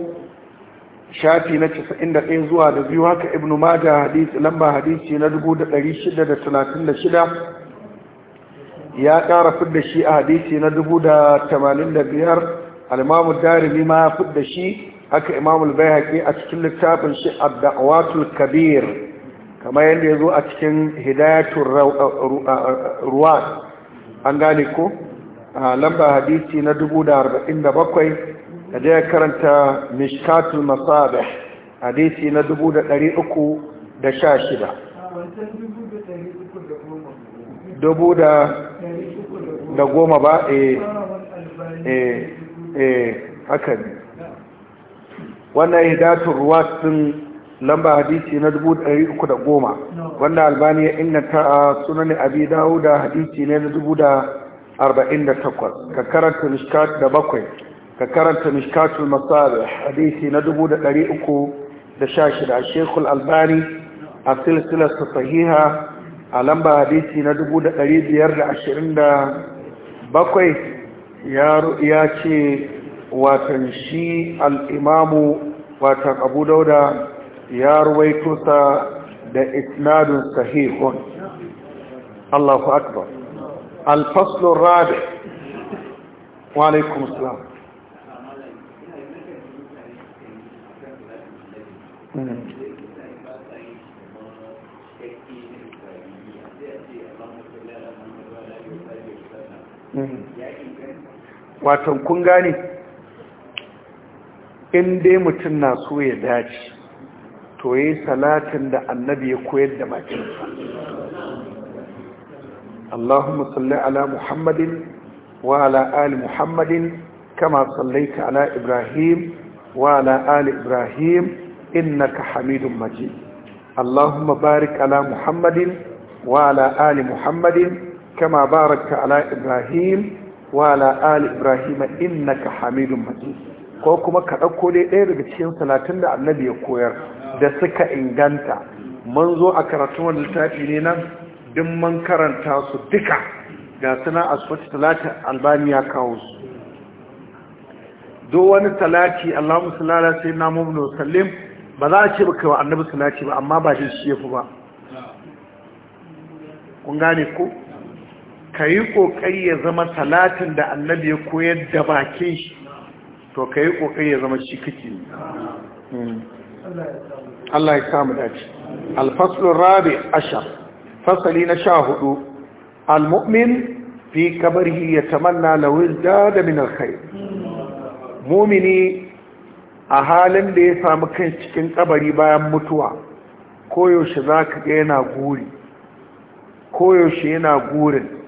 shafi na casa'in da ɗaya zuwa da biyu haka ibn maja hadisi lamba hadisi na dubu da da da shida talatin shida ya ƙara fi da shi a hadisi na dubu da tamanin da biyar al'imamu darimi ma ya fi da shi haka imam al-bayhaqi a cikin littafin shi ad-da'watul kabir kamar yadda yazo a cikin hidayatul ruwan an gane ko lamba hadisi na 1047 da ya karanta mishkatul masabih hadisi na 316 dubu da goma ba eh eh eh haka ne wannan hidatun ruwa sun lamba hadisi na dubu ɗari uku da goma wannan albani ya inganta a sunan abi dawo da hadisi ne na dubu da arba'in da takwas ka karanta mishkat da bakwai ka karanta mishkatul Masarar hadisi na dubu da ɗari uku da sha shida shekul albani a silsilar su sahiha a lamba hadisi na dubu da ɗari biyar da ashirin da bakwai ya ce watan shi al'imamu watan abu dauda ya ruwaito sa da isnadun sahihun Allahu akbar alfaslun Rabe. wa alaikum salam
hmm. Hmm.
watan kun gane in dai mutum na so ya dace to yi salatin da annabi ya koyar da makinsa Allahumma salli ala Muhammadin wa ala ali Muhammadin kama sallaita ala Ibrahim wa ala ali Ibrahim innaka Hamidun Majid Allahumma barik ala Muhammadin wa ala ali Muhammadin kama barakta ala Ibrahim wa ala ali Ibrahim innaka Hamidun Majid ko kuma ka ɗauko dai ɗaya daga cikin salatin da annabi ya koyar da suka inganta mun zo a karatun wani littafi ne nan duk man karanta su duka ga suna asibiti talatin albani ya kawo su do wani talati Allah musulala sai na mumnu sallim ba za a ce ba kawai annabi salati ba amma ba shi shi fi ba kun gane ko ka yi ƙoƙari ya zama talatin da annabi ya koyar da bakin shi to ka yi ƙoƙari ya zama shi kake hmm. Allah ya samu dace alfaslun rabi ashar fasali na sha hudu almu'min fi kabari ya tamanna lawil da min alkhair mumini a halin da ya samu kan cikin kabari bayan mutuwa koyaushe za ka ga yana guri koyaushe yana gurin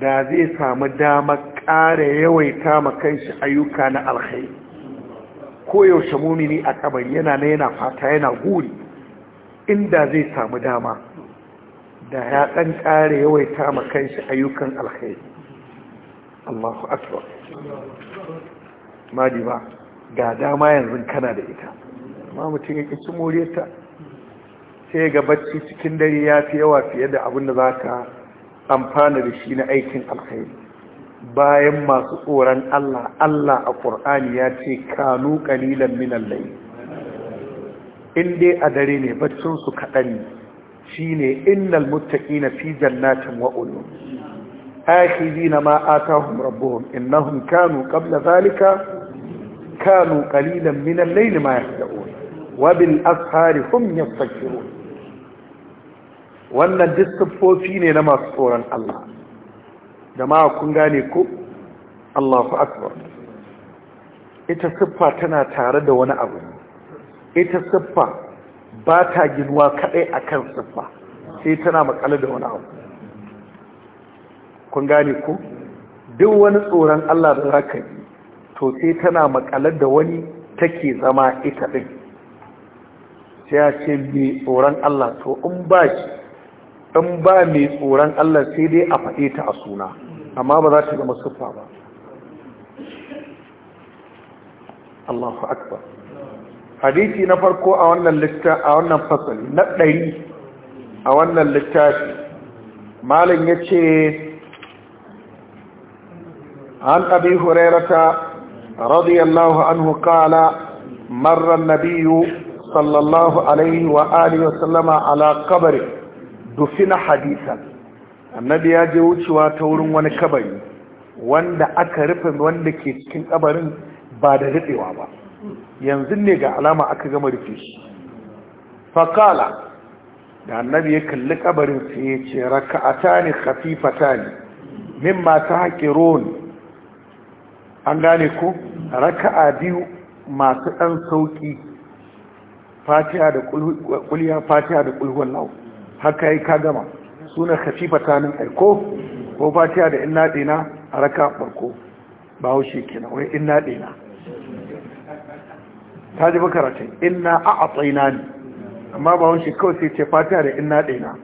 da zai samu dama ƙara yawaita makanshi ayyuka na alkhai koyaushe mumini a kabari yana na yana fata yana guri inda zai samu dama da ya ɗan ƙara yawaita makanshi ayyukan alkhai allahu akwai maji ba ga dama yanzu kana da ita ma mutum ya ƙi moriyarta sai ga bacci cikin dare ya fi yawa fiye da abin da za ka amfana da shi na aikin alkhairi bayan masu tsoron Allah Allah a Qur'ani ya ce kanu qalilan min al-layl in dai a dare ne baccin su kadan shine innal muttaqina fi jannatin wa uyun akhidina ma atahum rabbuhum innahum kanu qabla zalika. kanu qalilan min al-layli ma yahda'un wa bil ashari hum yastaghfirun wannan duk ne na masu tsoron Allah jama'a kun gane ku Allahu akbar ita siffa tana tare da wani abu ita siffa ba ta ginuwa kadai akan siffa sai tana makale da wani abu kun gane ku? duk wani tsoron Allah da zaka yi to sai tana makale da wani take zama ita din sai ya ce bi tsoron Allah to in ba shi in ba mai tsoron Allah sai dai a faɗe ta a suna amma ba za ta zama siffa ba Allahu akbar hadisi na farko a wannan litta a wannan fasali na ɗari a wannan littafi malin ya ce an abi hurairata radiyallahu anhu kala marar nabiyu sallallahu alaihi wa alihi wasallama ala kabarin dufina hadisa annabi ya je wucewa ta wurin wani kabari wanda aka rufe wanda ke cikin kabarin ba da rufewa ba yanzu ne ga alama aka gama rufe shi fakala da annabi ya kalli kabarin sai ya ce rak'a ta ne ta ne min masu haƙiro ne an gane ko a biyu masu ɗan sauƙi fatiya da ƙulhuwan lawa haka yi ka gama suna ta nan aiko ko fatiya da inna dina a raka farko ba haushe kenan wai inna dina ta ji bakaratun ina a a tsaina ne amma ba haushe kawai sai ce fatiya da inna dina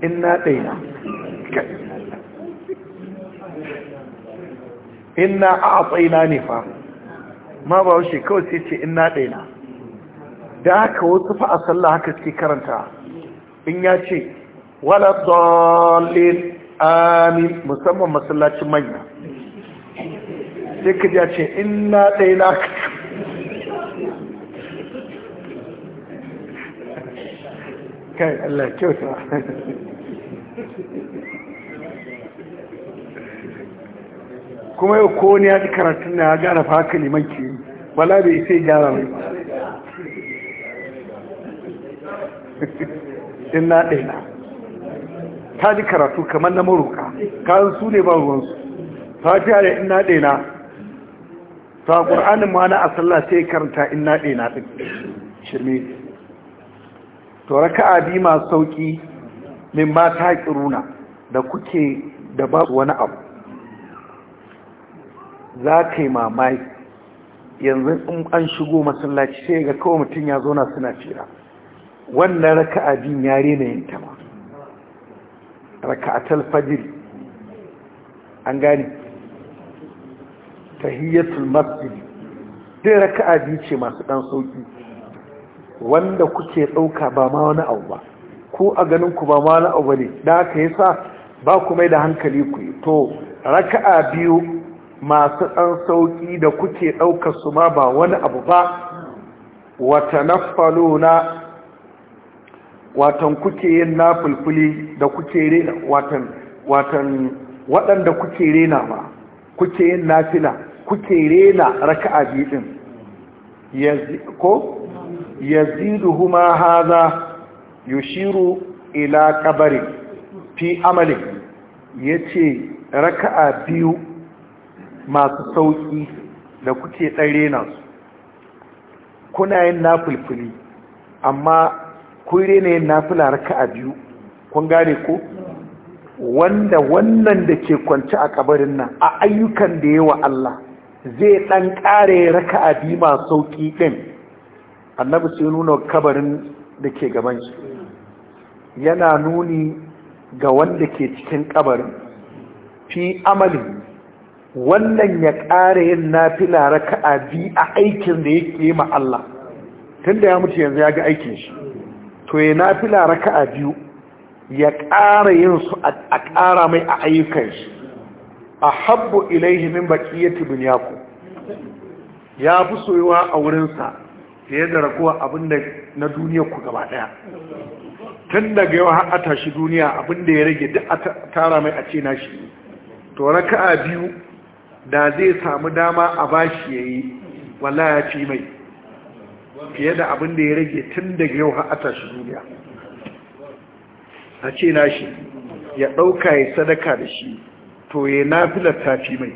inna dina Inna a a tsaina ne fa ma ba haushe kawai sai ce inna dina da haka wasu fa a sallah haka suke karanta in ya ce wala dalil amin musamman masallacin manya sai ka ya ce ina ɗaya na kai Allah kyauta
kuma yau ko ne ya ji karatun na ya gane
fa haka liman ke yi wala bai sai gyara mai inna ɗaina ta ji karatu kamar na maruka kayan su ne ba ruwansu fatiha da inna ɗaina ta ƙur'anin ma na asalla sai karanta inna ɗaina ɗin shirme to raka bi masu sauƙi min ma ta ƙiruna da kuke da ba wani abu za ka yi mamaye yanzu in an shigo masallaci sai ga kawai mutum ya zo na suna fira wannan raka'a biyun ya rena yin ta ba raka'atul fajr an gane tahiyatul masjid dai raka'a biyu ce masu dan sauki wanda kuke dauka ba ma wani abu ba ko a ganin ku ba ma wani abu ne da haka yasa ba ku mai da hankali ku to raka'a biyu masu ɗan sauƙi da kuke ɗauka su ma ba wani abu ba wata na watan kuke yin nafulfuli da kuke rena watan watan waɗanda kuke rena ba kuke yin nafila kuke rena raka'a biyu din ko yaziduhuma hadha yushiru ila kabari fi amalin yace raka'a biyu masu sauki da kuke ɗan rena su kuna yin nafulfuli amma ku yi yin nafila a biyu kun gane ko wanda wannan da ke kwanci a kabarin nan a ayyukan da ya wa Allah zai ɗan ƙare raka a biyu ma sauƙi din annabi sai nuna kabarin da ke gaban shi yana nuni ga wanda ke cikin kabarin fi amali wannan ya ƙare yin nafila a biyu a aikin da yake ma Allah tunda ya mutu yanzu ya ga aikin shi to ya nafila raka'a biyu ya ƙara yin su a ƙara mai a ayyukan shi a habbu ilaihi min tibin yaku ya fi soyuwa a wurinsa fiye da rakuwa abinda na duniya ku gaba ɗaya. tun daga yau har a tashi duniya abinda ya rage duk a tara mai a ce na shi, to raka'a biyu da zai samu dama a bashi ya yi, wallahi ya fi mai fiye da abin da ya rage tun daga yau har shi duniya a ce nashi ya ɗauka ya sadaka da shi to ya nafilar tafi mai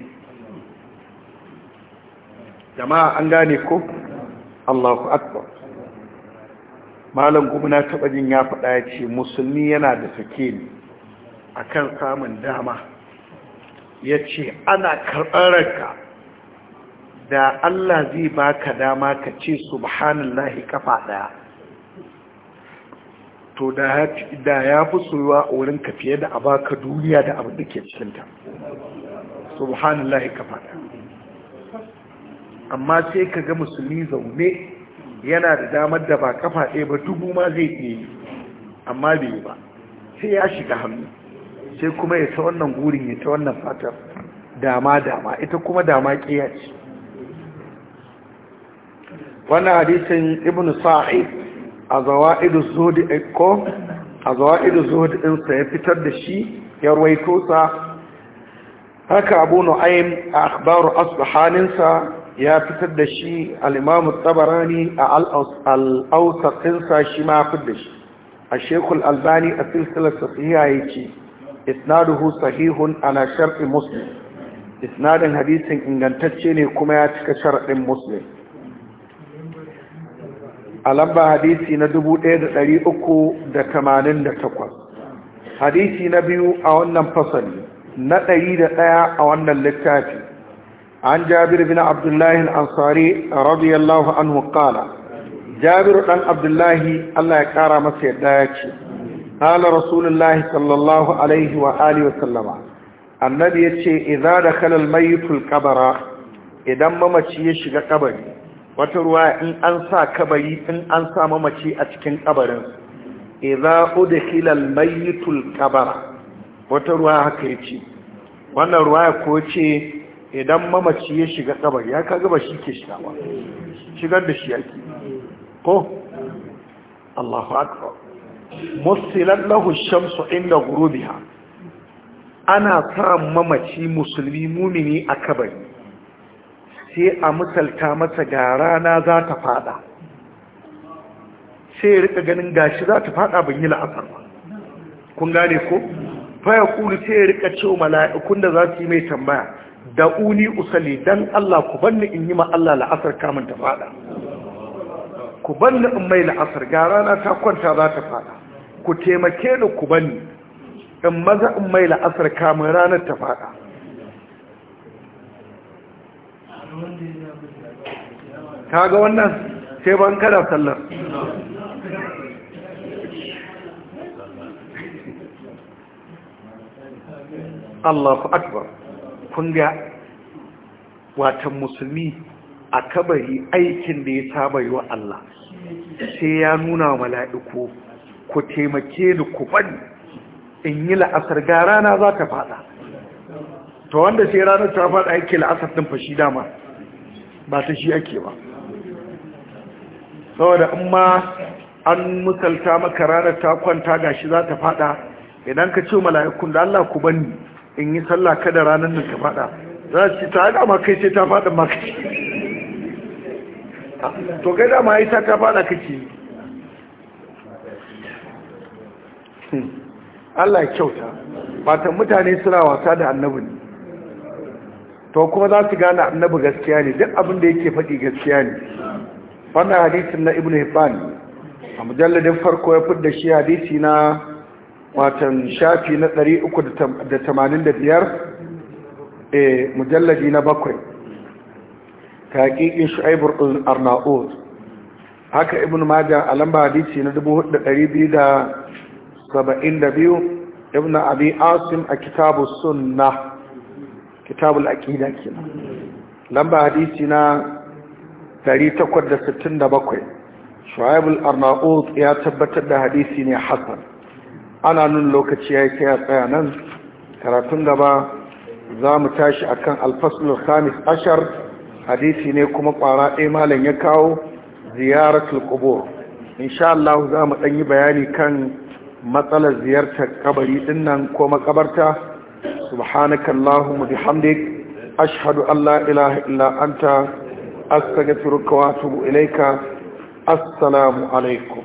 jama'a an gane ko allahu akbar malam kuma na taɓa jin ya faɗa ya ce musulmi yana da sake ne a kan samun dama ya ce ana karɓar ranka da Allah zai baka dama ka ce subhanallahi kafa daya to da ya fi soyuwa a wurin ka fiye da a baka duniya da abin da ke cikinta subhanallahi kafa daya amma sai ka ga musulmi zaune yana da damar da ba kafa ɗaya ba dubu ma zai iya yi amma bai yi ba sai ya shiga hannu sai kuma ya ta wannan gurin ya ta wannan fatar dama dama ita kuma dama ƙiya ce Wani hadisin ibn sa'i a zawa'idu zodi eh, ko a zawa'idu zodi insa ya fitar da shi ya ruwaito sa haka abu nu'aim a akhbaru asbahaninsa ya fitar da shi al'imamu tsabarani a al'autarsinsa shi ma fi da shi a shekul albani a silsilar safiya ya ce isnaduhu sahihun ana sharfi muslim isnadin hadisin ingantacce ne kuma ya cika sharfin muslim a lamba hadisi na 1388 hadisi na biyu a wannan fasali na 101 a wannan littafi an jabir bin abdullahi al-ansari radiyallahu anhu qala jabir dan abdullahi Allah ya kara masa yadda yake qala rasulullahi sallallahu alaihi wa alihi wa sallama annabi yace idza dakhala al-mayyit al-qabra idan mamaci ya shiga kabari wata ruwa in an sa kabari in an sa mamaci a cikin kabarin idza udkhila al-mayyitul kabara wata ruwa haka yace wannan ruwa ko ce idan mamaci ya shiga kabari ya kaga ba shi ke shiga ba shigar da shi yake ko Allahu akbar musilan lahu shamsu inda gurubiha ana sa mamaci musulmi mumini a kabari sai a misalta masa ga rana za ta fada sai ya rika ganin gashi za ta fada ban yi la'asar ba kun gane ko faya kulu sai ya rika cewa mala'ikun da za su yi mai tambaya da uni usali dan Allah ku banni in yi ma Allah la'asar kamun ta fada ku banni in mai la'asar ga rana ta kwanta za ta fada ku taimake ni ku banni in maza in mai la'asar kamun ranar ta fada kaga wannan sai ban kada sallar Allahu akbar kun ga watan musulmi a kabari aikin da ya saba yi wa Allah sai ya nuna mala'iku ku taimake ni ku bani in yi la'asar ga rana za ta fada to wanda sai ranar ta fada aiki la'asar ɗin fashi dama ba ta shi ake ba saboda in ma an misalta maka ranar ta kwanta shi za ta fada idan ka ce mala'ikun da Allah ku bani in yi sallah ka da ranar nan ta fada za su ta haɗa ma kai sai ta fada ma kai to kai dama ya ta ta fada kake hmm. Allah kyauta ba ta mutane suna wasa da annabi ne to kuma za su gane annabi gaskiya ne duk abin da yake faɗi gaskiya ne wannan hadisin na ibn hibban a mujalladin farko ya fidda shi hadisi na watan shafi na 385 a eh, mujalladi na bakwai ta haƙiƙin al-arnaud haka ibn maja a lamba hadisi na 4272 ibn abi asim a kitabu sunnah kitabul aqida kenan lamba hadisi na 867 al arnaut ya tabbatar da hadisi ne hasan ana nun lokaci ya kai tsaya nan karatun gaba za mu tashi akan alfaslul khamis ashar hadisi ne kuma kwara ɗaya malam ya kawo ziyaratul qubur insha Allah za mu ɗan yi bayani kan matsalar ziyartar kabari ɗin nan ko makabarta subhanaka allahumma bihamdik ashhadu an la ilaha illa anta astaghfiruka wa atubu ilaika assalamu alaikum